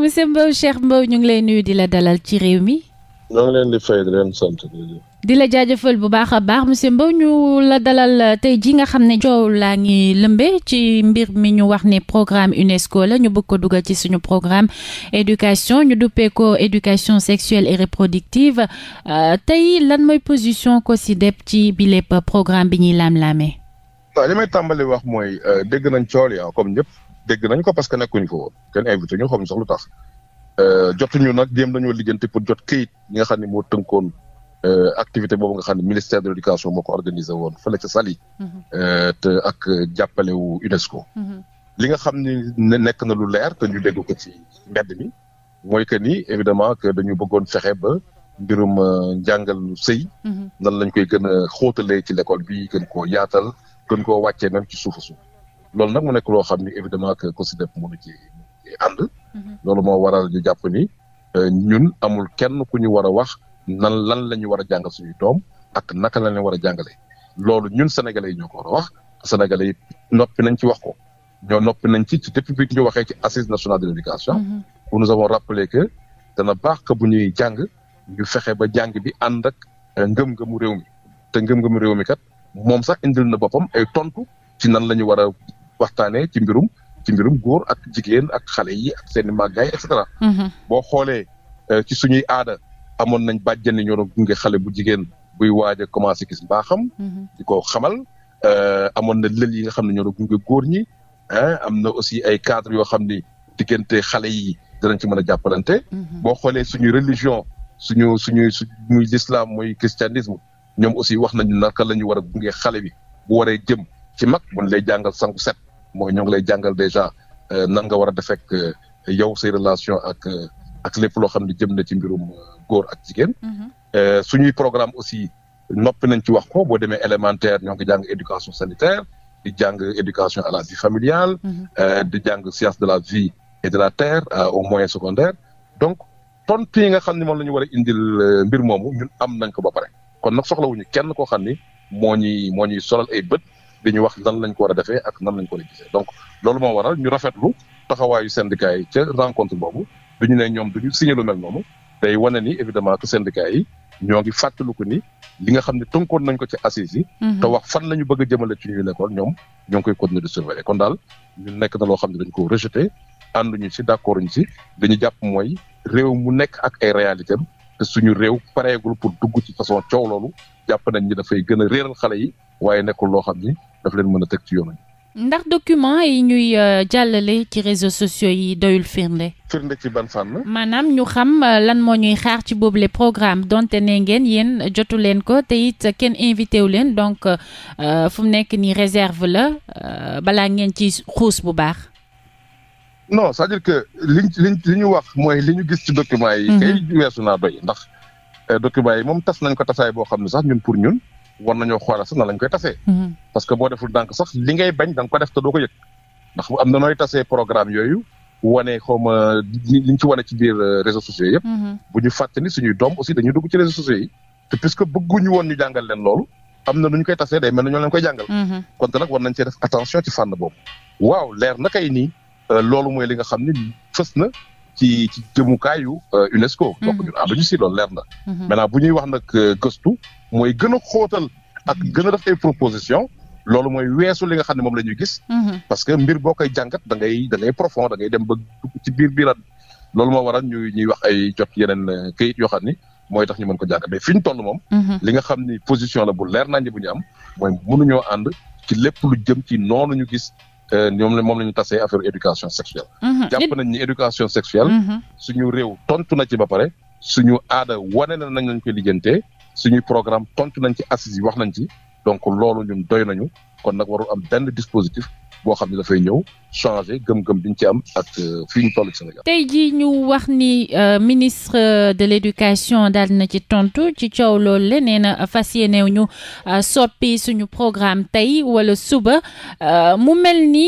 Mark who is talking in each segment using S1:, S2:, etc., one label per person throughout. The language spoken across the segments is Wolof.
S1: monsieur Mbow Cheikh Mbow ñu ngi lay nuyu di la dalal ci réew mi.
S2: ñoo ngi leen di fay di leen sant.
S1: di la jaajëfal bu baax a baax monsieur Mbow ñu la dalal euh, tey ji nga xam ne coow laa ngi lëmbee ci mbir mi ñu wax ne programme UNESCO la ñu bëgg ko dugal ci suñu programme éducation ñu duppee ko éducation sexuelle et reproductive euh, tey lan mooy position ko si dep ci bi programme bi ñuy laam lame
S2: waaw li may tàmbali dégg nañ ko parce que nekkuñu fa woon kenn invité ñu xam sax lu tax euh, jotuñu nag jéem nañoo liggéeyante pour jot kayit ñi nga xam ne moo koon euh, activité boobu nga xam ne ministère de l' éducation moo ko organisé woon fële ca mhm. euh, te ak jàppale wu UNESCO. Mhm. li nga xam ne nekk na lu leer te ñu dégg ko ci mbedd mi mooy que ni évidemment que dañu bëggoon fexe ba mbirum njàngal sëy. Mhm. nan lañ koy gën a xóotalee ci l' école bi gën koo yaatal gën koo wàccee même ci suufu suuf. loolu nag moo nekk loo xam ni évidemment que COSYDEP mënu ci ànd. loolu moo waral ñu jàpp ni euh, ñun amul kenn ku ñu war a wax nan lan la ñu war a jàngal suñu doom ak naka lañu ñu war a jàngalee loolu ñun sénégalais yi ñoo ko war a wax sénégalais yi noppi nañ ci wax ko ñoo noppi nañ ci ci depuis ñu waxee ci assise nationale de l'éducation. Mm-hmm. où nous avons rappelé que dana baax que bu ñuy jàng ñu fexe ba jàng bi ànd rek euh, ngëm-ngëmu réew mi te ngëm-ngëmu réew mi kat moom sax indil na boppam ay tontu ci nan la ñu war waxtaanee ci mbirum ci mbirum góor ak jigéen ak xale yi ak seen i màggaay et mm-hmm. boo xoolee euh, ci suñuy aada amoon nañ bàjjen ñu doon gunge xale bu jigéen buy waaj a commencé gis mbaaxam. Mm-hmm. di ko xamal euh, amoon na lël yi nga xam ne ñoo doon gunge góor ñi am na aussi ay cadre yoo xam ni diggante xale yi danañ ci mën a jàppalante. Mm-hmm. boo xoolee suñu religion suñu suñu su muy l'islam muy christianisme ñoom aussi wax nañu naka la ñu war a gunge xale bi bu waree jëm ci mag buñ lay jàngal sangu set. mooy ñoo ngi lay jàngal déjà euh, nan nga war a def euh, yow say relation ak euh, ak lépp loo xam ne jëm na ci mbirum góor ak jigéen. Mm-hmm. suñuy programme aussi noppi nañ ci wax ko boo demee élémentaire ñoo ngi jàng éducation sanitaire di jàng éducation à la vie familiale. Mm-hmm. di jàng science de la vie et de la terre au moyen secondaire donc tontu yi nga xam ne moom la ñu war a indil mbir moomu ñun am nañ ko ba pare kon nag wuñu kenn koo xam ni moo ñuy moo ñuy solal ay bët. di ñu wax lan lañ ko war a defee ak nan lañ ko war donc loolu moo waral ñu rafetlu taxawaayu syndicat yi ca rencontre boobu du ñu ne ñoom du ñu signé lu mel noonu day wane ni évidemment que syndicat yi ñoo ngi ko ni li nga xam ne tënkoon nañ ko ci assises mhm. te wax fan la ñu bëgg a jëmale ci ñuy nekkoon ñoom ñoo ngi koy continuer de surveiller kon daal ñu nekk na loo xam ne dañ ko rejeté ànduñu ci d'accord ñu ci dañu jàpp mooy réew mu nekk ak ay réalité te suñu réew pareegul pour dugg ci façon coow loolu jàpp nañ ni dafay gën a réeral xale yi waaye nekkul loo xam ni daf leen mën a teg ci yoon
S1: ndax document yi ñuy euh, jàllale ci réseaux sociaux yi doyul firnde. firnde
S2: ci ban fànn.
S1: maanaam ñu xam euh, lan moo ñuy xaar ci boobu boobule programme donte ne ngeen yéen jotu leen ko te it kenn invité wu leen donc euh, fu mu nekk nii réserve la balaa ngeen ci xuus bu baax.
S2: non c'est-à-dire que liñ liñ li ñu wax mooy li ñu gis ci documents yi. Mhm. kay weesu naa doy ndax documents yi moom tas nañ ko tasaay boo xam ne sax ñun pour ñun. war nañoo xoolal sax na lañ koy tasee. Mhm. parce que boo deful dànk sax li bañ da nga def te doo yëg ndax am euh, mhm. am na nu koy tasee day mel ñoo leen koy jàngal. Mhm. kon nag war nañ cee def attention ci fànn boobu. waaw leer na kay nii euh, loolu mooy li xam ni fës ci ci jëmukaayu euh, UNESCO. donc ñun ànduñu si loolu leer na. Mhm. maintenant bu ñuy wax na euh, gëstu mooy gën a xóotal ak mhm. gën a def ay proposition loolu mooy weesu li nga xam ne moom la ñuy gis. Mhm. parce que mbir boo koy jàngat da ngay da ngay profond da ngay dem ba ci biir biiran loolu moo waral ñuy ñuy wax ay jot yeneen euh, kayit yoo xam ni mooy tax ñu mën ko jàngat mais fi ñu toll moom. li nga xam ni position la bu leer na bu ñu am mooy mënuñoo ànd ci lépp lu jëm ci noonu ñu gis. Euh, ñoom la moom la ñu tasee affaire éducation sexuelle. Mhm. jàpp nañ ni éducation sexuelle. Mhm. suñu réew tontu na ci ba pare. suñu aada wane na nañ lañ koy lijjantee suñuy programme tontu nañ ci assises yi wax nañ ci donc loolu ñun doy nañu kon nag warul am benn dispositif boo xam ne dafay ñëw changer gëm-gëm bi ñu ci am ak euh, fi ñu toll ci Sénégal.
S1: tey jii ñu wax ni euh, ministre de l'éducation daal na ci tontu ci coow loolu la nee fas yéenew ñu euh, soppi suñu programme tey wala suba mu mel ni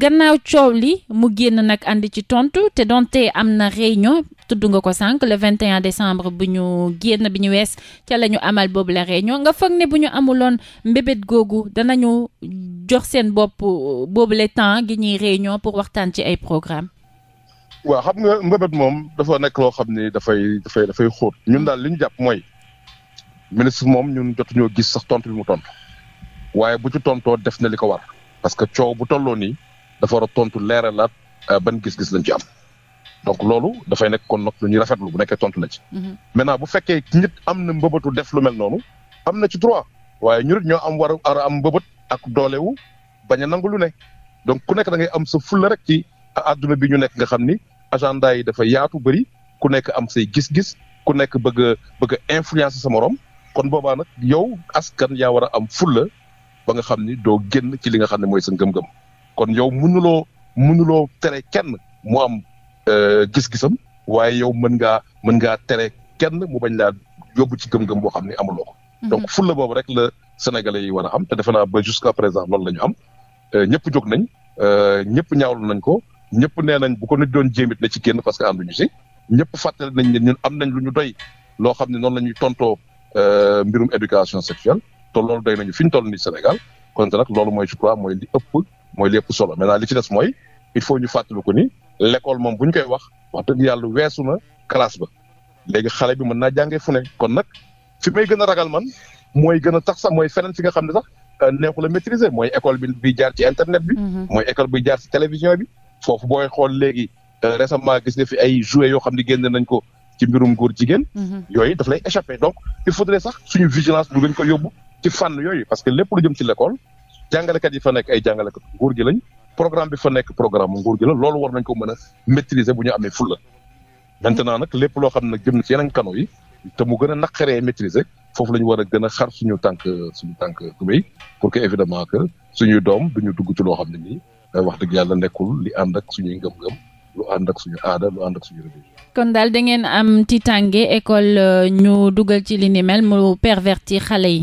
S1: gannaaw coow li mu génn nag ànd ci tontu te donte am na réunion. tudd nga ko sànq le 21 décembre bu ñu génn bi ñu wees ca la ñu amal boobu la réunion nga foog ne bu ñu amuloon mbébét googu danañu jox seen bopp boobu le temps gi ñuy réunion pour waxtaan ci ay programme
S2: waa xam nga mbébét moom dafa nekk loo xam ni dafay dafay dafay xóot ñun daal li ñu jàpp mooy ministre moom ñun jotuñoo gis sax tontu bi mu tontu waaye bu ci tontoo def na li ko war parce que coow bu tolloo dafa war tontu leeralaat euh, ban gis-gis lañ ci am. donc loolu dafay nekk kon nag lu ñuy rafetlu bu nekkee tontu na ci. Mhm. maintenant bu fekkee nit am na mbëbëtu def lu mel noonu am na ci droit waaye ñu ñoo am war a am mbëbët ak doolewu bañ a nangu lu ne donc ku nekk da ngay am sa fula rek ci àdduna bi ñu nekk nga xam ni agenda yi dafa yaatu bëri ku nekk am sey gis-gis ku nekk bëgg a bëgg a sa moroom kon boobaa nag yow askan yaa war a am fulla ba nga xam ni doo génn ci li nga xam ne mooy sa ngëm-ngëm kon yow mënuloo mënuloo tere kenn mu am. Euh, gis-gisam waaye yow mën ngaa mën ngaa tere kenn mu bañ laa yóbbu ci gëm-gëm boo xam ne amuloo ko. Mhm. donc la boobu rek la sénégalais yi war a am te defe naa ba jusqu'à présent loolu la ñu am euh, ñëpp jóg nañ euh, ñëpp ñaawlu nañ ko ñëpp nee nañ bu ko nit doon jéemit na ci génn parce que ànduñu si ñëpp fàttali nañ ne ñun am nañ lu ñu doy loo xam ne noonu la ñuy tontoo mbirum éducation sexuelle te loolu doy nañu fi ñu toll ni Sénégal kon nag loolu mooy je crois mooy li ëpp mooy li ëpp solo maintenant li ci des mooy il faut ñu fàttaliku ni l'école moom bu ñu koy wax wax dëgg yàlla weesu na classe ba léegi xale bi mën naa jàngee fu ne kon nag fi may gën a ragal man mooy gën a tax sax mooy feneen fi nga xam ne sax euh, neexul a maîtriser mooy école bi bi jaar ci internet bi. Mhm. mooy école bi jaar ci télévision bi. foofu booy xool léegi euh, récemment gis nga fi ay jouets yoo xam ne génne nañ ko ci mbirum góor jigéen. Mhm. yooyu daf lay échapper donc il faudrait sax suñu vigilance ñu gën ko yóbbu ci fànn yooyu parce que lépp lu jëm ci l'école jàngalekat yi fa nekk ay jàngalekat góor gi lañ. programme bi fa nekk programme nguur gi la loolu war nañ ko mën a maîtriser bu ñu amee fulla maintenant nag lépp loo xam ne jëm na ci yeneen canaux yi te mu gën a naqaree maîtriser foofu lañu war a gën xar suñu tànk suñu tànk tubéy pour que évidemment que suñuy doom duñu dugg ci loo xam ne nii euh, wax dëgg yàlla nekkul li ànd ak suñuy ngëm-ngëm lu ànd ak suñu aada lu ànd ak suñu religion
S1: kon daal da ngeen am tiitaange école euh, ñu dugal ci li ni mel mu pervertir xale yi.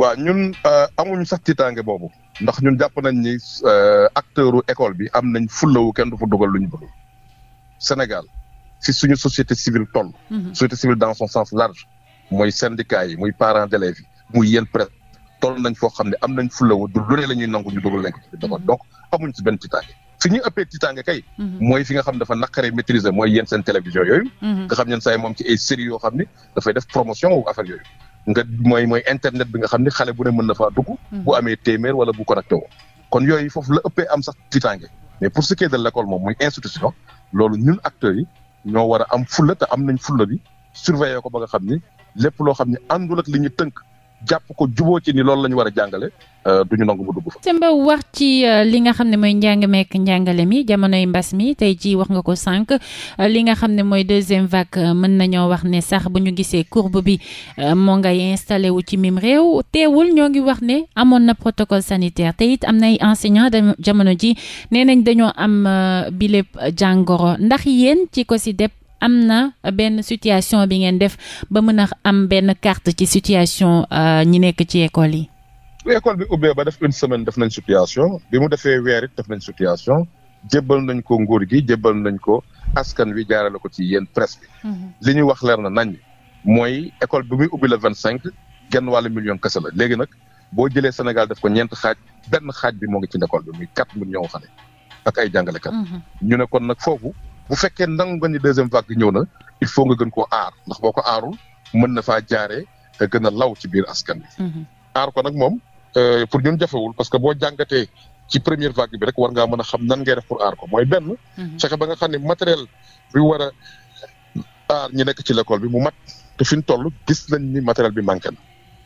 S2: waaw ñun euh, amuñu sax boobu. ndax ñun jàpp nañ ni euh, acteur u école bi am nañ fullawu kenn du fa dugal lu ñu bëgg Sénégal si suñu société civile toll mhm. société civile dans son sens large mooy syndicat yi muy parents d'élèves yi muy yéen presse toll nañ foo xam ne am nañ fullawu du lu ne la nangu ñu dugal leen ko ci biir mhm. donc amuñ si benn tiitaange fi ñu ëppee tiitaange kay mhm. mooy fi nga xam ne dafa naqaree maîtriser mooy yéen seen télévision yooyu nga xam ñeen saay moom ci ay séries yoo xam ne dafay def promotion wu affaire yooyu nga mooy mooy internet bi nga xam ne xale bu ne mën na faa dugg. Hmm. bu amee téeméer wala bu connecté wo kon yooyu foofu la ëppee am sax tiitaange mais pour ce qui est de moom muy institution loolu ñun acteurs yi ñoo war a am fulla te am nañ fulla bi surveiller ko ba nga xam ni lépp loo xam ne àndul ak li ñu tënk jàpp ko juboo ci ni loolu la ñu war a jàngale euh, du ñu nangu mu dugg fa.
S1: Samba wax ci euh, li nga xam ne mooy njàng meek njàngale mi jamonoy mbas mi tey jii wax nga ko sànq euh, li nga xam ne mooy deuxième vague mën nañoo wax ne sax bu ñu gisee courbe bi moo ngay installé wu ci mim réew teewul ñoo ngi wax ne amoon na protocole sanitaire tey it am nay enseignant jamono ji nee nañ dañoo am bi lépp jàngoro ndax yéen ci ko si dep am na benn situation bi ngeen def ba mën a am benn carte ci situation euh, ñi nekk ci école yi.
S2: bu école bi ubbee ba def une semaine def nañ situation bi mu defee weer it def nañ situation jébbal nañ ko nguur gi jébbal nañ ko askan wi jaarale ko ci yéen presse mhm. li ñuy wax leer na nañ mooy école bi muy ubbi la vingt cinq genn wàllu million kese la léegi nag boo jëlee Sénégal def ko ñeent xaaj benn xaaj bi moo ngi ci école bi muy quatre millions xale ak ay jàngalekat. Mhm. ne bu fekkee nangu nga ni deuxième vague ñëw na il faut nga gën ko aar ndax boo ko aarul mën na faa jaaree te gën a law ci biir askan bi mhm. aar ko nag moom euh, pour ñun jafewul parce que boo jàngatee ci première vague bi rek war ngaa mën a xam nan ngay pour aar ko mooy benn mhm. fexe ba nga xam ne matériel bi war a aar ñi nekk ci l'école bi mu mat fi ñu toll gis nañ ni matériel bi manqué na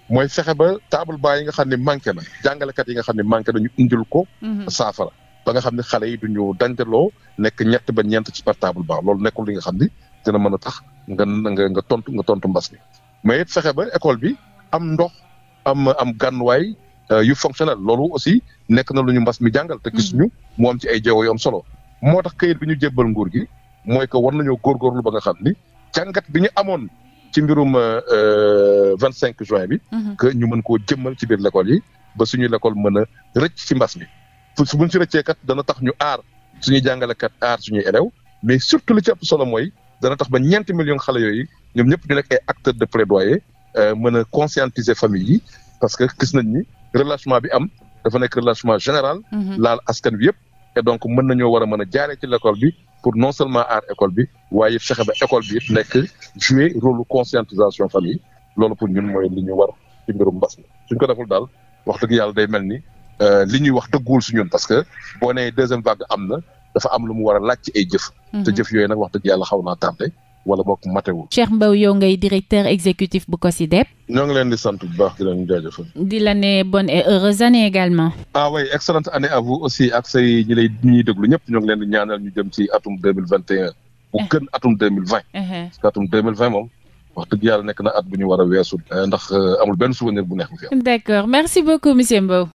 S2: mooy fexe ba table baa yi nga xam ne manqué na jàngalekat yi nga xam ne manqué na ñu ko mhm. saafara ba nga xam ne xale yi duñu loo nekk ñett ba ñeent ci portable ba loolu nekkul li nga xam ni dina mën a tax nga nga nga tontu nga tontu mbas mi mais it fexe ba école bi am ndox am am gànnuwaay euh, yu fonctionnel loolu aussi nekk na lu ñu mbas mi jàngal. te gis ñu hmm. mu am ci ay jéego yu am solo. moo tax kayit bi ñu jébbal nguur gi mooy que war nañoo góorgóorlu ba nga xam ni jàngat bi ñu amoon ci mbirum euh, euh, vingt cinq juin bi. Hmm. que ñu mën koo jëmmal ci biir l'école yi ba suñu l'école mën a rëcc ci mbas mi. su buñ si rëccee kat dana tax ñu aar suñuy jàngalekat aar suñuy élèves mais surtout li ci ëpp solo mooy dana tax ba ñeenti million xale yooyu ñoom ñëpp ñu nekk ay acteurs de plaidoyer euh, mën a conscientiser famille yi parce que gis nañ ni relâchement bi am dafa nekk relâchement général. Mhm. laal askan bi yëpp. et donc mën nañoo war a mën a jaare ci l'école bi pour non seulement aar école bi waaye fexe ba école bi yëpp nekk jouer rôle conscientisation famille loolu pour ñun mooy li ñu war ci mbirum mbas ko deful daal wax dëgg yàlla day mel ni. Euh, li ñuy wax dëgguwul su ñun parce que boo nee deuxième vague am na dafa am lu mu war laaj ci ay jëf. Mhm. te jëf yooyu nag wax dëgg yàlla xaw naa tardé wala bokk matewul.
S1: Cheikh Mbow yow ngay directeur exécutif bu COSYDEP.
S2: ñoo ngi leen di sant bu baax
S1: la ne bonne heureuse année également.
S2: ah oui excellente année aussi ak say ñi lay ñuy déglu ñëpp ñoo leen ñaanal ñu jëm ci atum bu eh. gën atum deux eh, eh. moom. wax dëgg yàlla nekk na at bu ñu war a weesu. ndax euh, amul benn souvenir bu
S1: neex